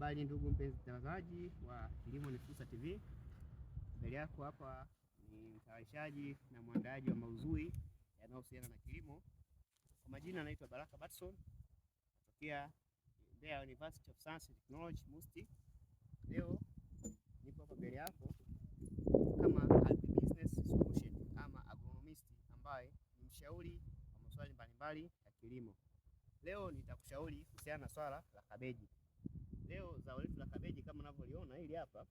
Habari ndugu mpenzi mtazamaji wa Kilimo ni Fursa TV, mbele yako hapa ni mtayarishaji na mwandaaji wa mauzui yanayohusiana na kilimo. Kwa majina anaitwa Baraka Batson, natokea Mbeya University of Science and Technology MUST. Leo niko hapa mbele yako kama agribusiness solution ama agronomist ambaye ni mshauri wa masuala mbalimbali ya kilimo. Leo nitakushauri kuhusiana na swala la kabeji. Leo zao letu la kabeji kama unavyoliona hili hapa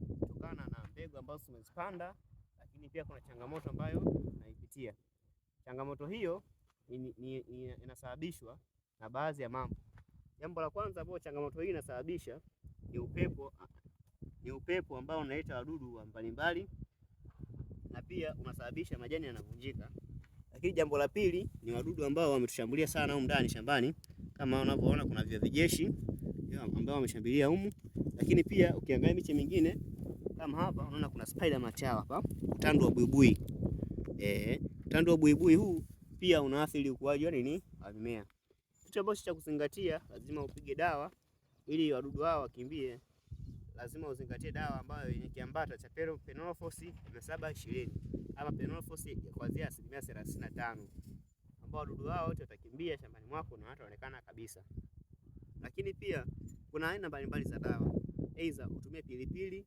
limetokana na mbegu ambazo tumezipanda, lakini pia kuna changamoto ambayo naipitia. Changamoto hiyo inasababishwa na baadhi ya mambo. Jambo la kwanza ambayo changamoto hii inasababisha ni upepo, ni upepo ambao unaleta wadudu wa mbalimbali na pia unasababisha majani yanavunjika. Lakini jambo la pili ni wadudu ambao wametushambulia sana huko ndani shambani, kama unavyoona kuna vya vijeshi ambao wameshambilia humu, lakini pia ukiangalia miche mingine kama hapa, unaona kuna spider matawa hapa, utandu wa buibui eh, utandu wa buibui huu pia unaathiri ukuaji wa nini wa mimea. Kitu ambacho cha kuzingatia, lazima upige dawa ili wadudu hao wakimbie. Lazima uzingatie dawa ambayo yenye kiambata cha Penophos mia saba ishirini ama Penophos kuanzia asilimia thelathini na tano ambao wadudu hao wote watakimbia shambani mwako na hataonekana kabisa, lakini pia kuna aina mbalimbali za dawa, aidha utumie pilipili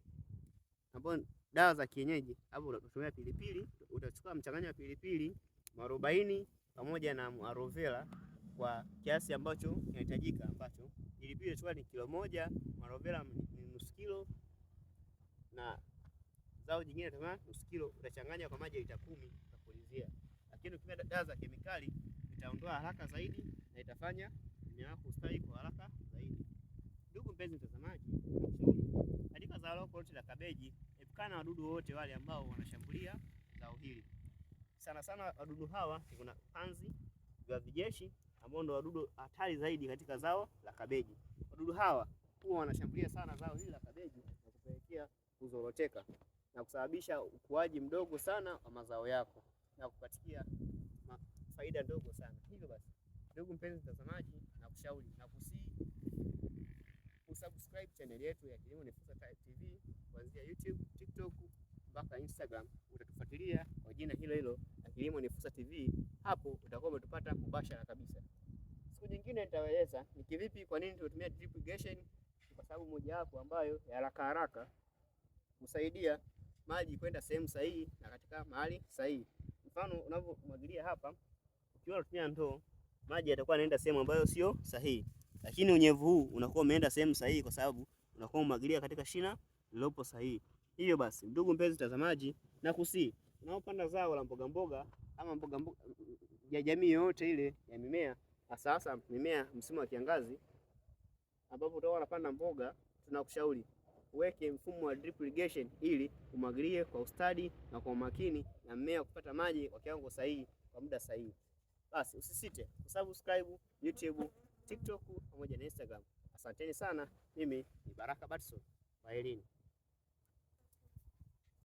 ambayo dawa za kienyeji hapo, unatumia pilipili, utachukua mchanganyo wa pilipili, mwarobaini pamoja na aloe kwa kiasi ambacho kinahitajika, ambacho pilipili itachukua ni kilo moja, aloe ni nusu kilo na zao jingine kama nusu kilo, utachanganya kwa maji lita kumi utapulizia. Lakini ukiwa dawa za kemikali itaondoa haraka zaidi na itafanya mimea yako kustawi kwa haraka mpenzi mtazamaji, nakushauri katika zao lako lote la kabeji, epukana na wadudu wote wale ambao wanashambulia zao hili. Sana sana wadudu hawa ni kuna panzi, viwavi jeshi ambao ndio wadudu hatari zaidi katika zao la kabeji. Wadudu hawa huwa wanashambulia sana zao hili la kabeji na kupelekea kuzoroteka na kusababisha ukuaji mdogo sana wa mazao yako na kupatikia faida ndogo sana. Hivyo basi, ndugu mpenzi mtazamaji, nakushauri na kusii kusubscribe channel yetu ya Kilimo ni Fursa TV kuanzia YouTube, TikTok mpaka Instagram. Utatufuatilia kwa jina hilo hilo la Kilimo ni Fursa TV. Hapo utakuwa umetupata mubashara kabisa. Siku nyingine nitaeleza ni kivipi, kwa nini tunatumia drip irrigation, kwa sababu mojawapo ambayo ya haraka haraka husaidia maji kwenda sehemu sahihi na katika mahali sahihi. Mfano, unavyomwagilia hapa, ukiwa unatumia ndoo, maji yatakuwa yanaenda sehemu ambayo sio sahihi lakini unyevu huu unakuwa umeenda sehemu sahihi, kwa sababu unakuwa umwagilia katika shina lilopo sahihi. Hivyo basi, ndugu mpenzi mtazamaji, na kusi unaopanda zao la mboga mboga ama mboga mboga ya jamii yoyote ile ya mimea, hasa hasa mimea msimu wa kiangazi, ambapo utakuwa unapanda mboga, tunakushauri uweke mfumo wa drip irrigation ili umwagilie kwa ustadi na kwa umakini na mmea kupata maji kwa kiwango sahihi kwa muda sahihi. Basi usisite kusubscribe YouTube, TikTok Asanteni sana, mimi ni Baraka Batson, kwaherini.